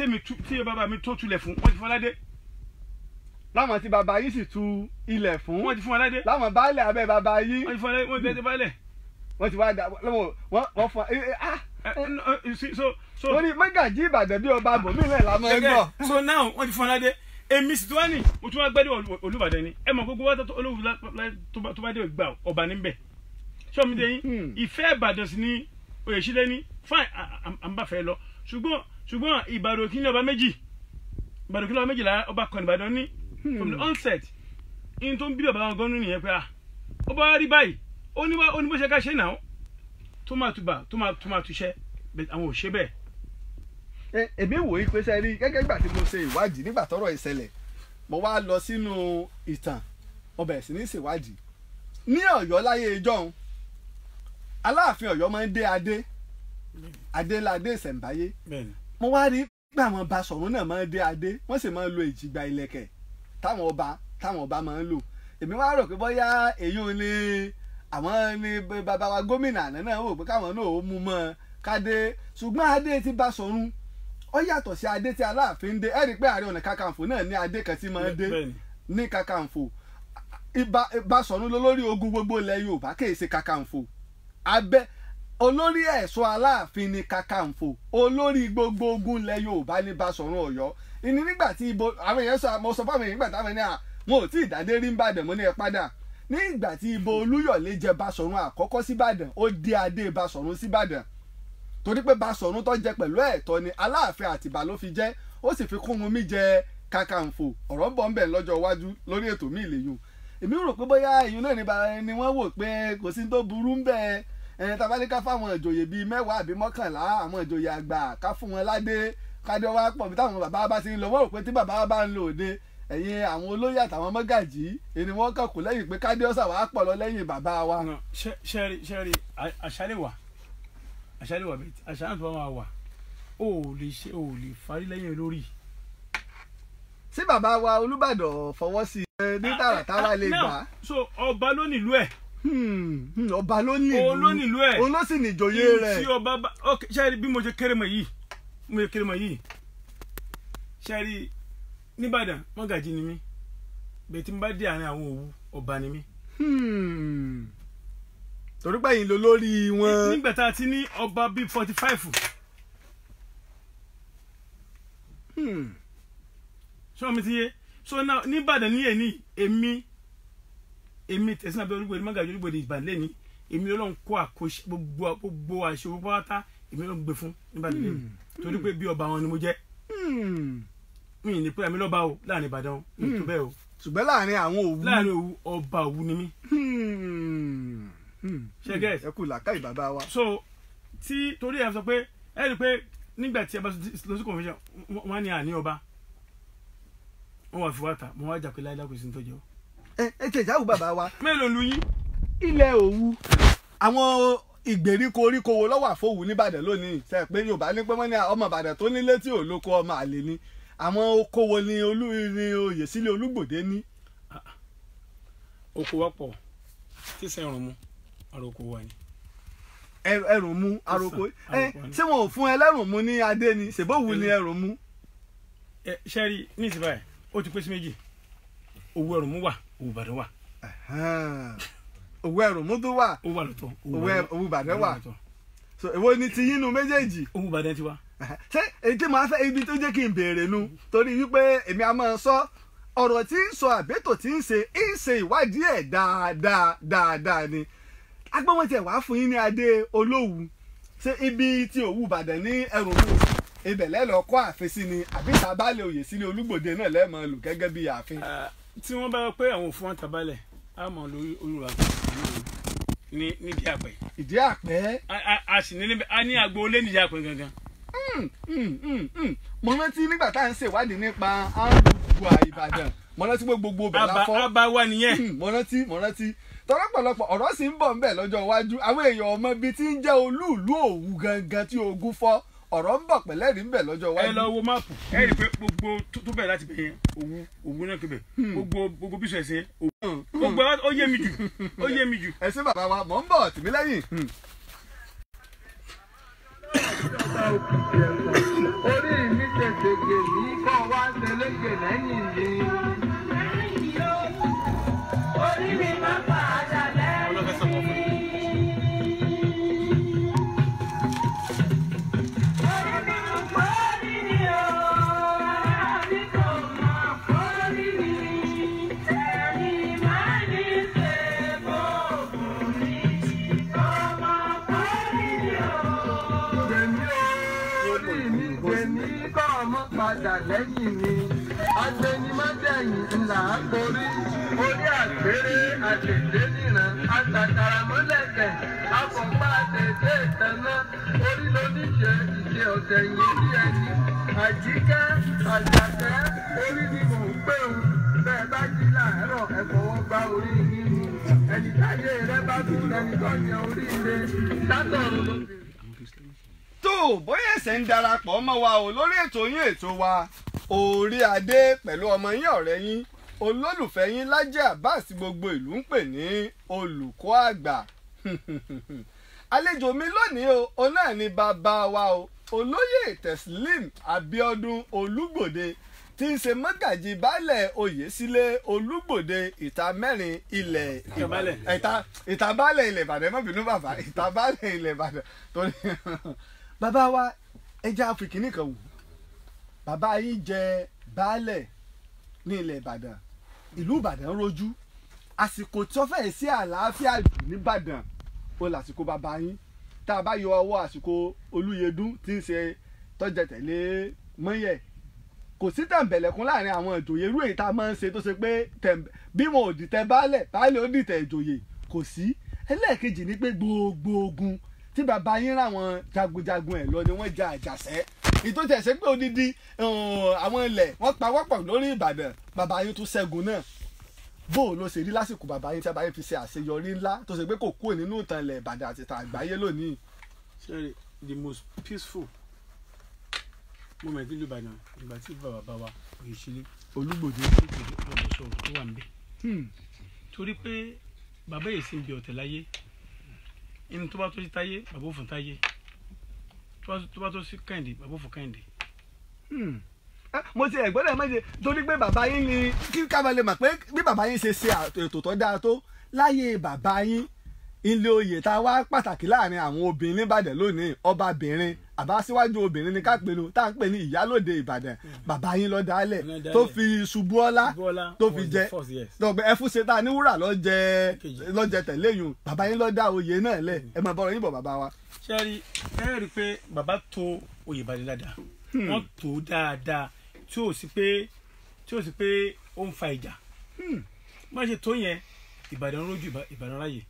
tí mi tú tí bàbá mi tó tulẹ̀ fún wọ́n ti fún aládé. láwọn tí bàbá yìí sì tu ilẹ̀ fún. wọ́n ti fún aládé. láwọn baálẹ̀ abẹ́ bàbá yìí. wọ́n ti fún aládé wọ́n ti bẹ́ẹ̀ ti baálẹ̀. wọ́n ti wá da lọ́wọ́ wọ́n fún ah. so so. wọ́n ní mẹ́gàjì Ìbàdàn bí ọba bò mí lẹ́la mọ́ ẹ so now wọ́n ti fún aládé èmi sì tí wá ní mo tún wá gbẹ́dẹ̀ Olúbàdàn ni ẹ mọ̀ gbogbo wa tó Olúbàdàn tó bá dé gbà ọba níbẹ̀ sọmi de yín hmm. ìfẹ́ Ìbàdàn sì ni Oyèṣílẹ̀ ní fine à ń bá fẹ́ lọ ṣùgbọ́n ṣùgbọ́n ìbàdàn kí ni ọba méjì ìbàdàn kí ni ọba méjì lára ọba kan ìbàdàn ní hmm. from the onset in tó ń bí bàbá wọn gan nínú yẹn pé ah ọba rí báyìí ó ní ó ní bó ṣe ká ṣe náà tó máa tu bà tó máa tó máa tu ṣẹ́ àwọn ò ṣe bẹ́ẹ̀. ẹ èmi wò ó pé sẹ́rí gẹ́gẹ́ gbà tí mo ṣe ìwádìí nígbà tọ́rọ̀ ìṣẹ̀lẹ̀ mo wá lọ sínú ìtàn mo sí ní ṣèwádìí ní Ọ̀yọ́ láyé ìjọ́un Aláàfin Ọ̀yọ́ máa ń dé adé adé ládé ìṣẹ̀ǹbáyé mo wá rí pé àwọn ọba sọ̀rọ̀ náà máa ń dé adé wọ́n sì máa ń lo ìjìgbà ìlẹ̀kẹ̀ táwọn ọba táwọn ọba máa ń lò èmi wá rò pé bóyá èyí ò ní àwọn ní bàbá wa gómìnà àná náà wò pé káwọn náà ó mú mọ́ ọ kádé ṣùgbọ́n adé ti bá sọ̀run ó yàtọ̀ sí adé tí aláàfin dé ẹ̀rí pé ààrẹ ọ̀nà kakanfò náà ní adé kan tí máa ń dé ní kakanfò ìbá sọ̀run lólórí ogun gbogbo ilẹ̀ yorùbá kèé ṣe kakanfò abẹ́ olórí ẹ̀ṣọ́ aláàfin ni kàkàǹfò olórí gbogbo ogun ilẹ̀ yorùbá ní Báṣọ̀run ọ̀yọ́ ìní nígbà tí ibo àwọn èèyàn sọ mo sọ fáwọn èèyàn nígbà táwọn ní à wọn ò tí ì dádé rí nìbàdàn mo ní ẹ padà ní ìgbà tí ibo olúyọ̀lé jẹ Báṣọ̀run àkọ́kọ́ síbàdàn ó dé adé Báṣọ̀run síbàdàn torí pé Báṣọ̀run tó jẹ pẹ̀lú ẹ̀tọ́ ni aláàfin àtìbà ló fi jẹ́ ó sì fi Kúrúnmí jẹ kàkàǹfò ọ̀rọ̀ bọ̀ ń bẹ̀ lọ́jọ́ iwájú lórí ètò mi ìlèyùn èmi rò pé bóyá èyí náà ni wọ́n wò pé kò sí tó burú ń bẹ́ẹ̀ ẹ̀yìn tabalẹ́ká fáwọn ìjòyè bíi mẹ́wàá àbí mọ́kànlá àwọn ìjòyè àgbà ká fún wọn ládé kádé wá pọ̀ bí táwọn bàbá bá ti ń lọ wọ́n rò pé tí bàbá bá ń lò òde ẹ̀yìn àwọn olóyè àtàwọn mọ́gàjì èni wọ́n kàn kù lẹ́yìn pé kádé ọ̀sà wàá pọ̀ lọ lẹ́yìn bàbá wa. sẹ́ẹ̀rì sẹ́ẹ̀rì àṣálẹ̀ wà àṣálẹ̀ wà bẹ́ẹ̀ àṣálẹ̀ tó bá máa wà ó lè ṣe ó lè farí lẹ́yìn lórí. sí bàbá wa Olúbàdàn fọwọ́ sí i ní ah, tààràtàrà ah, lè ah, gbà. so ọba ló nílùú ẹ̀ Hmm, hmm, ọba ló ẹ òun ló sì ní ìjòyè rẹ tí ọba bá ok bí mo ṣe kéré yìí mo ṣe kéré yìí ṣẹ́ẹ́rì nìbàdàn mọ́gàjì ni mí bẹ́ẹ̀ tí mo bá dé àárín àwọn òwú ọba ni mí. Hmm. torí pé yìí ló lórí wọn. nígbà tá a ti ní ọba bíi forty five. mi ti yé so now nìbàdàn ní èmi. èmi tẹ̀sán abẹ́ olúgbòde mọ́gàjì olúgbòde ìbàlẹ̀ ni èmi ọlọ́run kó àkóṣe gbogbo gbogbo àṣewò pátá èmi ọlọ́run gbé fún níbàdàn lẹ́nu hmm. torí pé bí ọba wọn ni mo jẹ́ hmm. mi ní pé àmì lọ́ba o láàrin ìbàdàn tó hmm. bẹ́ẹ̀ o. ṣùgbọ́n láàrin àwọn òwú láàrin òwú ọba òwú ni mí. ṣe ẹ kú làákà ìbàbá wa. so tí torí ẹ sọ pé ẹ rí i pé nígbà tí a bá lọ sí convention wọn á ní àní ọba wọn wà fi wá ta wọn wá jà pé láyé lákòóso ní tọ́jú ọ ẹ ẹ tẹ̀ ìyáwó bàbá wa. mélòó lu yín. ilẹ̀ òwu. àwọn ìgbèríko oríko wo lọ́wọ́ àfọwù nìbàdàn lónìí ṣe pé yorùbá ní pé wọ́n ní ọmọ ìbàdàn tó nílé tí ò lóko ọmọ àlè ni àwọn oko wo ni olú ni oyè sílé olúgbòde ní. oko wọ́pọ̀ tí sẹ́rùn mu àròkò wà ní. ẹrùn mu àròkò ẹ tí wọn ò fún ẹlẹ́rùn mu ní adé ni ṣèbóòwù ni ẹrùn mu. ẹ ṣẹ́rí ní ìsìnbáyà ó ti pèsè méjì òwú ẹrùn mu wà ubarewa owero muduwa owubarewa so èwo ni ti yín nu méjèèjì ti wa. ṣé èyí tí màá fẹ́ ibi tó jẹ́ ki n beere nu torí wípé emi a máa sọ ọrọ ti ń sọ àbẹ́tò tí ń ṣe ń ṣe ìwádìí ẹ̀ dáadáa dáadáa ni agbọ́n tiẹ̀ wá fún yín ní adé olówu ṣé ibi tí òwú ìbàdàn ní ẹrù mú ibẹ̀ lẹ́lọ́ọ́ kọ́ àfin sí ni àbí tá a bá lè òye sí ní olúgbòde náà lẹ́ẹ̀mọ́ lù gẹ́gẹ́ bí ààfin. tí wọ́n bá pé àwọn òfin wọn á mọ̀ lórí olúwa ní níbi àpẹ. ìdí àpẹ. a sì ní a ní agbo olé níbi àpẹ gangan. Hmm, hmm, hmm, mo rántí nígbà tá à ń ṣèwádìí nípa àrùbùà ìbàdàn mo rántí pé gbogbo bẹ̀ la fọ́. àbá nìyẹn. mo rántí mo rántí tọ́lọ́pọ̀lọpọ̀ ọ̀rọ̀ sì ń bọ̀ ńbẹ̀ lọ́jọ́ iwájú àwọn èèyàn ọmọ bíi ti ń jẹ́ olúùlú òwú gangan tí ogun fọ́ ọ̀rọ̀ ń bọ̀ pẹ̀lẹ́ rí ń bẹ̀ lọ́jọ́ wájú. ẹ lọ wo máàpù ẹ rí i pé gbogbo tó bẹ̀rẹ̀ láti bẹ̀yẹn òwú òwú náà kébẹ̀ hmm. gbogbo gbogbo bísọ̀ ẹ̀sẹ̀ òwú gbogbo ó yé mi jù ó yé mi jù. ẹ ṣé bàbá wa mò ń bọ̀ tìmí lẹ́yìn. Hmm. orí mi tẹ̀sẹ̀ gèmí kọ́ wá ṣẹlẹ̀ lẹ́yìn padà lẹ́yìn mi agbẹnimọ́dẹ̀yìn ńlá ń borí orí àgbèrè àtẹ̀tẹ̀ nìran àtàkàràmọ́lẹ̀kẹ̀ àfọ̀pá àtẹ̀tẹ̀ ìtaná orí lóníṣẹ́ ìṣe ọ̀sẹ̀ yìí bí ẹni àjíkẹ́ àjàkẹ́ orí ni mò ń pè ń bẹ́ẹ̀ bá jí láàárọ̀ ẹ fọwọ́ orí yín ẹni táyé rẹ bá tún lẹni tó yan orí ire látọ̀run o bóyá ẹsẹ̀ ń darapọ̀ mọ́ wa o lórí ètò yín ètò wa orí adé pẹ̀lú ọmọ yín ọ̀rẹ́ yín olólùfẹ́ yín Lájí Abbas gbogbo ìlú ń pè ní olùkọ́ àgbà àlejò mi lónìí o òun náà ni bàbá wa o olóyè Teslim Abíọ́dún Olúgbòde tí ń ṣe mọ́gàjì baálẹ̀ oyèsílé olúgbòde ìta mẹ́rin ilẹ̀ ìta baálẹ̀ ilẹ̀ ìbàdàn mọ́bìnú bàbá ìta baálẹ̀ ilẹ̀ ìbàdàn torí bàbá wa ẹja áfíríkì nìkan wò bàbá yìí jẹ baálẹ̀ ní ilẹ̀ ìbàdàn ìlú ìbàdàn rojú àsìkò tó fẹ́ sí àlàáfíà nìbàdàn ó lásìkò bàbá yín tá a bá yọ ọwọ́ àsìkò olúyẹdùn tí ń ṣe tọ́jà tẹ̀lé mọ́yẹ̀ kò sí tẹ̀m̀bẹ̀lẹ̀kún láàrin àwọn ìjòyè irú èyí tá a máa ń ṣe tó ṣe pé bí wọn ò dìtẹ̀ baálẹ̀ baálẹ̀ ó dìtẹ̀ ìjòyè kò sí ẹlẹ́ẹ̀kejì ni pé gbogbo ogun tí bàbá yín ráwọn jagunjagun ẹ̀ lọ ni wọ́n ja àjàṣẹ́ ìtò pé odidi àwọn ilẹ̀ wọ́n pa wọ́pọ̀ lórí Ìbàdàn bàbá yín tún ṣẹ́gun náà bó ló ṣe rí lásìkò bàbá yín tí bàbá yín fi ṣe àṣeyọrí ńlá tó ṣe pé kò kúrò nínú ìtàn ilẹ̀ Ìbàdàn àti ìtàn àgbáyé lónìí. sẹ́rẹ̀ the most peaceful moment nílùú Ìbàdàn ìgbà tí bàbá bá wa Òyèṣẹ̀lẹ̀ Olúgbòde Olúgbòde ọ̀bọ̀sọ̀ tó wà ń torí pé bàbá yìí sì ń bi ọ̀tẹ̀ láyé inú tó bá tó sí táyé bàbá òfin táyé tó bá tó sí kẹ́hìndé bàbá òfin kẹ́hìndé. Hmm. Ah, mo ti ẹ̀gbọ́n náà méje torí pé bàbá yín ni kí kábà lè mọ̀ pé bí bàbá yín ṣe ṣe ètò tó dáa tó láyé bàbá yín ilé oyè tá a wá pàtàkì láàrin àwọn obìnrin nìbàdàn lónìí ọbabìnrin àbá síwájú obìnrin ni ká pè ló tá à ń pè ní ìyálòde ìbàdàn hmm. bàbá yín lọ dálẹ̀ tó fi ṣubú ọlá tó fi jẹ tọgbẹ ẹ fún ṣe tá a ní wúrà lọ́jẹ tẹ̀lé yùn bàbá yín lọ dá oyè náà lẹ̀ hmm. ẹ máa bọ̀rọ̀ yín bọ̀ bàbá wa. sẹ́ẹ̀rì ẹ rí i pé bàbá tó oyè ìbàdàn dáadáa hmm. wọ́n tó dáadáa tí ò sí pé tí ò sí pé ó ń fa ìjà má ṣe tó yẹn ìbàdàn rójú ìbàdàn ráyè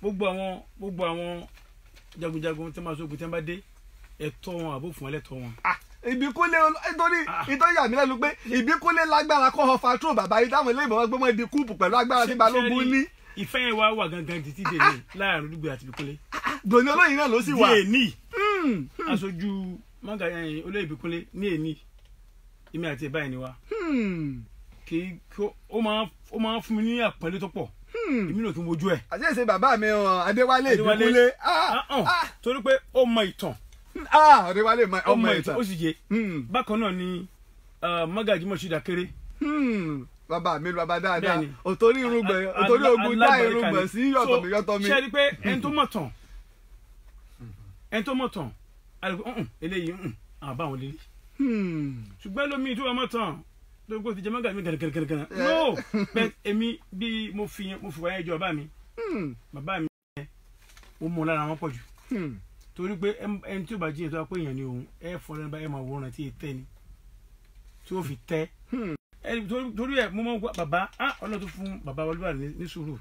gbogbo àwọn gbogbo àwọn jagunjagun tí wọ́n máa sógun tí wọ́n bá dé ẹ̀tọ́ wọn àbò fún ẹlẹ́tọ́ wọn. ìbíkúlé ah, nítorí ah. ìtọ́jú àmì lẹ́nu pé ìbíkúlé lágbára kọ́ ọ fatro bàbá yìí táwọn ilé ìbọn gbọ́mọ di kúùpù pẹ̀lú agbára tí balógun ní. ìfẹ́ yẹn wá wà gangan títí dèní láàrin olùgbé àti ìbíkúlé. dòní olóyìn náà ló sì wà. dèní hmm, hmm. aṣojú manga eh, olóyè ìbíkúlé ní èní èmi àti ìbáyìí ni wa. Hmm. kì í ó máa ń fún mi ní àpọ́nlé tó pọ̀ èmi náà kì í mojú ẹ̀. àṣeyẹsẹ bàbá mi eh, Adéwálé ìbíkúlé. Ah, torí pé ó mọ ìtàn ah Adéwálé ọmọ ìta ọmọ ìta ó sì yé hmm. bákan náà ni uh, Magaji da Akere. Hmm. bàbá mi bàbá dáadáa òtórí irùngbọ̀n òtórí ogun dá irùngbọ̀n sí yọ̀tọ̀ mi yọ̀tọ̀ mi. ṣe é rí i pé ẹni tó mọ̀ tán ẹni tó mọ̀ tán eléyìí àbáwọn lè rí hmm. ṣùgbọ́n lómi tó wà mọ̀ tán tó gbó ti jẹ mọ́gà mi gẹ̀rẹ́gẹ̀rẹ́gẹ̀rẹ́ no bẹ́ẹ̀ èmi bí mo fi mo fi wáyé jọ bàbá mi bàbá mi mo mọ̀ lára wọn pọ̀ jù torí pé ẹni tí ó bá jí ètò apẹ́ èèyàn ni òun ẹ fọ́nrẹ́ bá ẹ máa wọ́n rántí tẹ́ ni tí ó fi tẹ́ hmm. torí ẹ mo máa ń gbọ́ bàbá á ọlọ́run tó fún bàbá olúwa ní sùúrù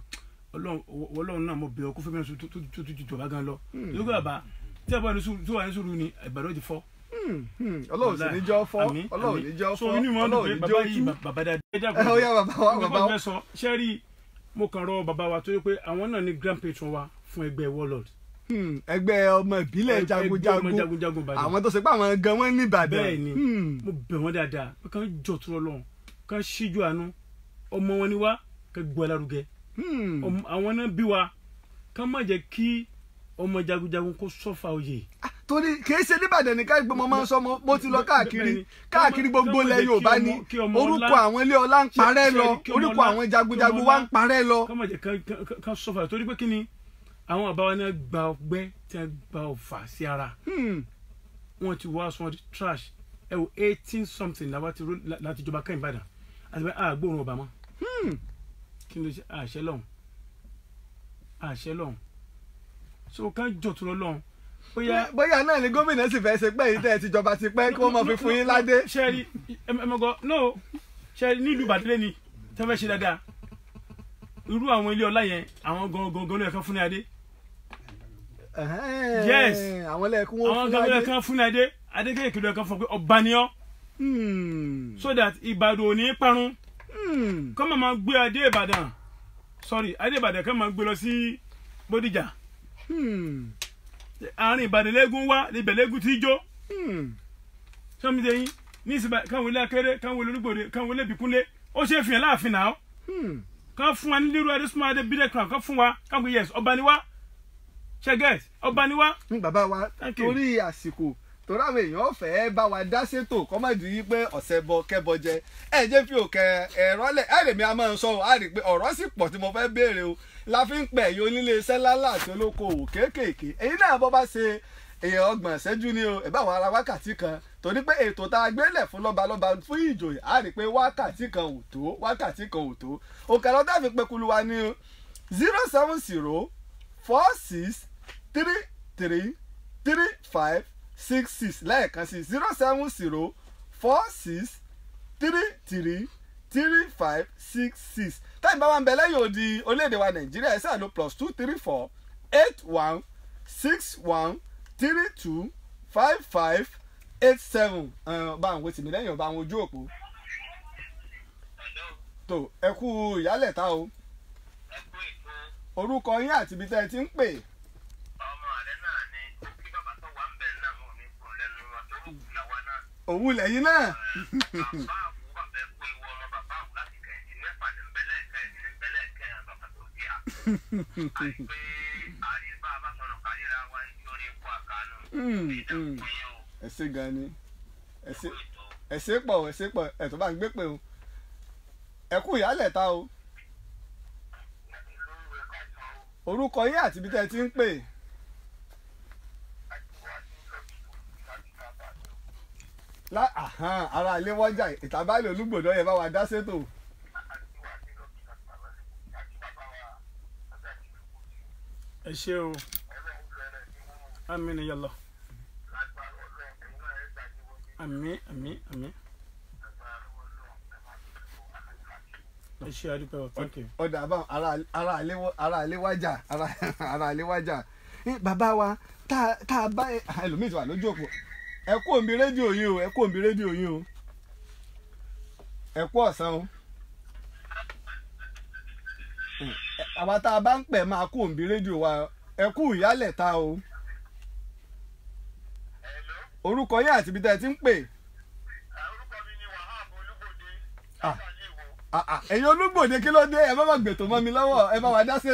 ọlọ́run náà mo bẹ̀ ọ́ kó fẹ́mi sùn tó ti jù bàbá gan lọ lókè hmm. bàbá tí àbọ̀ tó wà ní sùúrù ni ìbàdàn ti fọ́. Hmm, ọlọ́run sì ní jọ́ fọ́ ọlọ́run ní jọ́ fọ́ ọlọ́run ní jọ́ tú bàbá dáadáa ó yá bàbá wa bàbá wa. sẹ́rí mo kàn rọ bàbá wa torí pé àwọn náà ni grand patron wa fún ẹgbẹ́ warlord. Hmm, ẹgbẹ́ ọmọ ìbílẹ̀ jagunjagun àwọn tó ṣe pé àwọn gan wọn ní Ìbàdàn. bẹ́ẹ̀ni hmm. mo bẹ̀ wọ́n dáadáa wọn kàn jọ tó lọlọrun kàn ṣíjú àánú ọmọ wọn ni wá kàn gbọ́ alárugẹ hmm. àwọn náà bí wa kàn má jẹ́ kí ọmọ jagunjagun kó sọ́fà oyè. Ah, torí kì í ṣe nìbàdàn nìkan ìgbọ́n mo máa ń sọ mo ti lọ káàkiri káàkiri gbogbo ilẹ̀ yorùbá ni orúkọ àwọn ilé ọlá ń parẹ́ lọ orúkọ àwọn jagunjagun wa ń parẹ́ lọ. kàn má jẹ́ kàn àwọn bàbá wa náà gba ọgbẹ́ tí wọ́n gba ọ̀fà sí ara hmm. wọ́n ti wá sọ́n trash ẹ wo eighteen something láti jọba kẹ́hìn ìbàdàn àti bẹ́ẹ̀ àgbóhùn ọba mọ́ hmm. kí ló ṣe àṣẹ lọ́hùn àṣẹ lọ́hùn so ká jọ̀tún lọ́hùn bóyá bóyá náà ni gómìnà sì fẹ́ ṣe pé yìí tẹ́ ẹ ti jọba ti pẹ́ kí wọ́n máa fi fún yín ládé. sẹ́ẹ̀rì ẹ̀mọ̀gọ́ no sẹ́ẹ̀rì nílùú ìbàdílé ni tẹ́ fẹ́ ṣe dáadáa irú àwọn ilé ọlá yẹn àwọn gangan ló yẹ kán fún ní adé yes àwọn ẹlẹ́kùn wọn fún adé àwọn gbàgbọ́dọ̀ kan fún adé adékèké kìlọ̀ kan fún pé ọba ni ọ́ so that ìbàdàn ò ní parun hmm. kọ́ máa máa gbé adé ìbàdàn sorry adé ìbàdàn kan máa gbé lọ sí bódìjà hmm. àárín ìbàdàn lẹ́gùn wá ibẹ̀ lẹ́gùn tí jó sọmi hmm. de yín ní ìsìnbà káwọn ilé akéré káwọn ilé olúgbòde káwọn ilé bìkúnlé ó ṣe é fìyàn láàfin náà kọ́ fún wa ní lílo adé súnmọ́ adé bídẹ́kùn kọ́ fún wa káwọn yẹs ọba ni wa ṣẹgẹt ọba ni wá. bàbá wa torí àsìkò torí àwọn èèyàn fẹ́ bá wa dá ṣètò kọ́ má di pé ọ̀sẹ̀ bọ kẹ́bọ jẹ ẹ jẹ́ fi òkè ẹ̀rọ lẹ̀ ẹ lèmi a máa ń sọ ọ́ a rí pé ọ̀rọ̀ sì pọ̀ tí mo fẹ́ béèrè o la fi ń pẹ̀ yí onílé iṣẹ́ lálá àti olókoòwò kéékèèké èyí náà bọ́ bá ṣe èèyàn ọgbọ̀n ṣẹ́jú ni o ẹ̀ bá àwọn ara wákàtí kan torí pé ètò tá a gbélẹ̀ fún lọ́balọ́ba fún ìjòyè a rí i pé wákàtí kan ò tó wákàtí kan ò tó òkè lọ́dọ̀ àfi wa ni o zero seven zero four six three three three five six six lẹ́ẹ̀kan sí zero seven zero four six three three three five six six táyì bá wa ń bẹ lẹ́yìn odi orílẹ̀-èdè wa nàìjíríà ẹ̀ sáà lo plus two three four eight one six one three two five five eight seven bá àwọn wetí mi lẹ́yìn ọba àwọn ojú òpó. tó ẹ kú ìyálẹ̀ta o orúkọ yín àti ibi tẹ́ ẹ ti ń pè é. òun lẹ́yìn náà. ẹsẹ mm, mm. gan ni ẹsẹ pọ ẹsẹ pọ ẹtọ bá ń gbé pé o ẹkú ìyálẹ̀ ta o orúkọ yín àti ibi tẹ́ ẹ ti ń pè ara ilé wọ́n jà ìtàbálẹ̀ olúgbòdó yẹn bá wa dá sétò. ẹ ṣe o àmín ni yàlọ àmín àmín àmín. ẹ ṣe àdúpẹ́ ọ̀ thank you. ọ̀dà àbá ara ilé wájà ara ilé wájà bàbá wa tá a bá ẹlòmíì tí wà lójú òpó. ẹ kú rédíò o ẹ rédíò o ọ̀sán o àwa tá a bá ń pẹ̀ máa kú òǹbí rédíò wa ìyálẹ̀ ta o orúkọ yín àti ibi ẹ ti ń pè. ẹ̀yin Olúgbòde kí ló dé ẹ bá gbètò mọ́ mi ẹ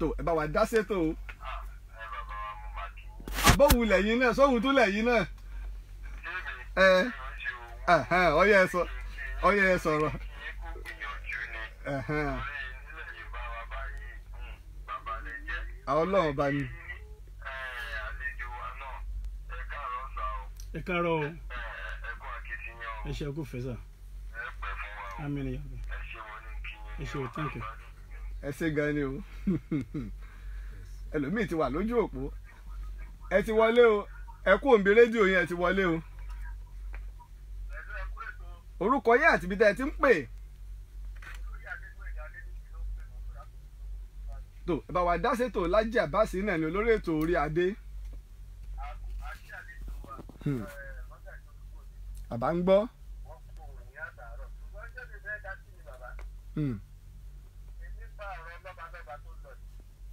tó ẹ bá wa dá sétò o ah, àbọ̀wù lẹ́yìn náà sọ́wù tó lẹ́yìn náà ẹ ọyẹ ẹ sọ ọyẹ ẹ sọ̀rọ̀ um, ọlọ́run bá ní. ẹ káàárọ̀ o ẹ ṣe é kú fẹsà amínú yàgbẹ ẹ ṣe o thank you. Ese gan ni o ẹlòmíì ti wà lójú òpó ẹ ti wọlé o ẹ kú òǹbí rédíò yẹn ẹ ti wọlé o orúkọ yẹ àti ibi tẹ́ ẹ ti ń pè tó ẹ bá wa dá sétò Lájí Àbáàsì náà ni olórí ètò orí adé hmm. àbá ń gbọ́. Hmm.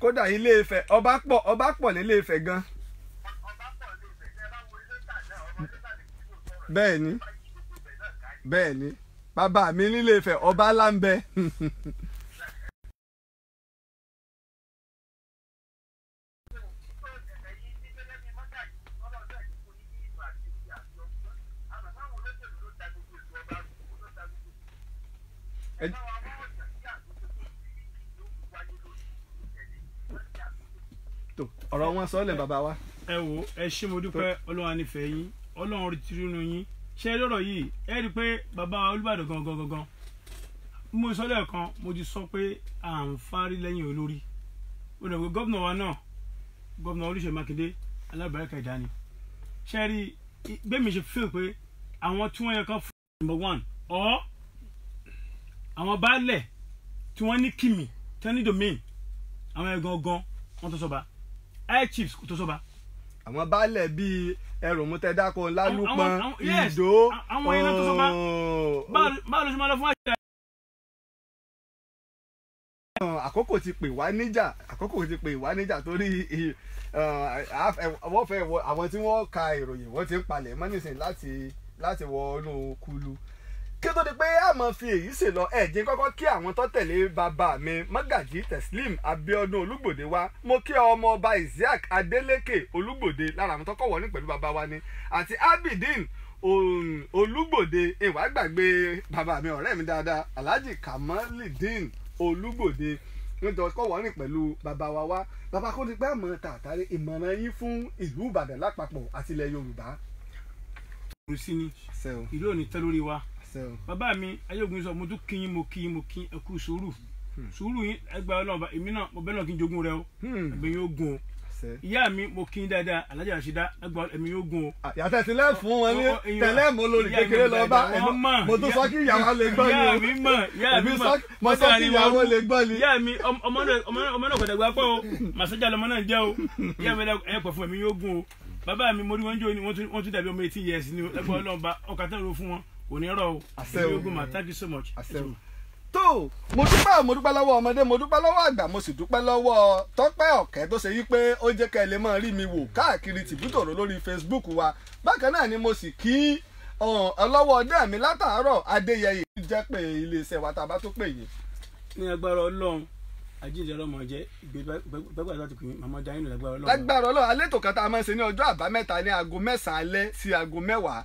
kódà ilé Ifẹ̀ ọba pọ̀ ọba pọ̀ nílé Ifẹ̀ gan. bẹ́ẹ̀ ni bẹ́ẹ̀ bàbá mi nílé Ifẹ̀ ọba ńlá ń bẹ. ọ̀rọ̀ wọn sọ lẹ̀ bàbá wa. ẹ wo ẹ ṣé mo dúpẹ́ ọlọ́run nífẹ̀ẹ́ yín ọlọ́run rí tirinu yín ṣe é lọ́rọ̀ yìí ẹ rí i pé bàbá olùbàdàn gangan gangan mo sọ lẹ́ẹ̀kan mo ti sọ pé à ń fárí lẹ́yìn olórí mo dẹ̀ pé gómìnà wa náà gómìnà Olúṣèyí Mákindé alábàárẹ́kà ìdání ṣe rí gbẹ̀mí ṣe fíìl pé àwọn tí wọ́n yẹ kán fún number one ọ́ àwọn baálẹ̀ tí wọ́n ní kìmì tẹ́ni domain àwọn ẹ̀gàn gan wọ́n tó sọba. So air chiefs kò tó sọba. àwọn baálẹ̀ bíi ẹrù mútẹ́dákọ̀ lálùpọ̀n ìdó àwọn iná tó sọba báwo ló ṣe máa lọ fún àṣẹ. àkókò ti pè wá níjà àkókò ti pè wá níjà torí wọ́n fẹ́ àwọn tí wọ́n ka ìròyìn wọ́n ti ń palẹ̀ mọ́ láti wọ inú kulu kí tó di pé a máa fi èyí ṣe lọ ẹ̀jẹ̀ kọ́kọ́ kí àwọn tó tẹ̀lé bàbá mi Mọ́gàjí Teslim Abíọ́dún Olúgbòde wa mo kí ọmọ ọba Isiaq Adélékè Olúgbòde lára àwọn tó kọ̀ wọ́ní pẹ̀lú bàbá wa ni àti Abidin Olúgbòde ìwà gbàgbé bàbá mi ọ̀rẹ́ mi dáadáa Alhaji Kamalidin Olúgbòde nítorí kọ́ wọ́n rìn pẹ̀lú bàbá wa wá bàbá kó ti gbá àmọ́ tààtàrí ìmọ̀ràn yín fún ìlú Ìbàdàn lápapọ̀ àti Yorùbá. ìlú òní tẹ́ lórí wa bàbá mi ayégun sọ mo tún kíyìn mo kíyìn mo kíyìn ẹ kú sùúrù hmm. sùúrù yín ẹgbà Ọlọ́run bá èmi náà mo bẹ náà kí n jogún rẹ o hmm. ẹgbẹ yóò gun o ìyá mi mo kíyìn dáadáa alájà àṣìdá ẹgbà èmi yóò gun o. Ah, yàtọ̀ sílẹ̀ fún wọn ní tẹ̀lé mo lórí kékeré lọ bá mo tún sọ kí ìyàwó lè gbọ́ ni o ìyá mi mọ̀ ìyá mi mọ̀ mo sọ kí ìyàwó lè gbọ́ ni. ìyá mi ọmọ náà kọ̀dà gbà pọ̀ o màsájà lọmọ náà jẹ́ o ìyá mi ẹ̀ pọ̀ fún ẹ̀mí yóò gun o bàbá mi mo rí wọn jó ni wọ́n tún dàbí ọmọ eighteen years ni ẹgbẹ́ ọlọ́ọ̀ba ọkà tẹ̀lé fún wọn onírọ̀ o ìlógún ma thank you so much. tó mo dúpẹ́ mo dúpẹ́ lọ́wọ́ ọmọdé mo dúpẹ́ lọ́wọ́ àgbà mo sì dúpẹ́ lọ́wọ́ tọ́pẹ́ ọ̀kẹ́ tó ṣe wípé ó jẹ́ kẹ́ ẹ lè máa rí mi wò káàkiri tìbútòrò lórí facebook wa bákan náà ni mo sì kí ọlọ́wọ́ ọdẹ mi látàárọ̀ adéyẹyẹ jẹ́ pé iléeṣẹ́ wa tàbá tó pè yín. ní agbára ọlọ́run àjíǹde ọlọ́mọ jẹ́ ìgbẹ́gbẹ́ àti àtìkù màmá dayinu lágbára ọlọ́run. lágbára ọlọ́run alẹ́ tó kàtà máa ń ṣe ní ọjọ́ àbámẹ́ta ní aago mẹ́sàn-án alẹ́ sí aago mẹ́wàá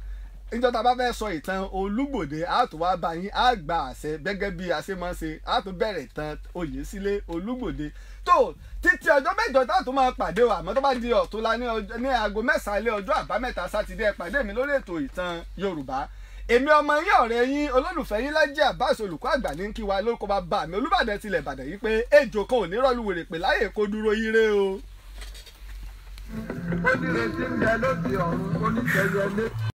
níjọ́ tá a bá fẹ́ sọ ìtàn Olúgbòde a tún wá bá yín a gba àṣẹ gẹ́gẹ́ bí a ṣe máa ń ṣe a tún bẹ̀rẹ̀ Olúgbòde tó títí ọjọ́ mẹ́jọ tá máa pàdé wa àmọ́ tó bá di ọ̀túnla ní aago mẹ́sàn-án ilé ọjọ́ àbámẹ́ta sátidé ẹ pàdé mi lórí ètò ìtàn Yorùbá èmi ọmọ yín ọ̀rẹ́ yín olólùfẹ́ yín Lájí Abbas olùkọ́ àgbà ní kí wa lórúkọ bàbá mi Olúbàdàn tilẹ̀ Ìbàdàn yìí pé ejò kan ò ní rọ́ọ̀lù wèrè pè láyè ire o.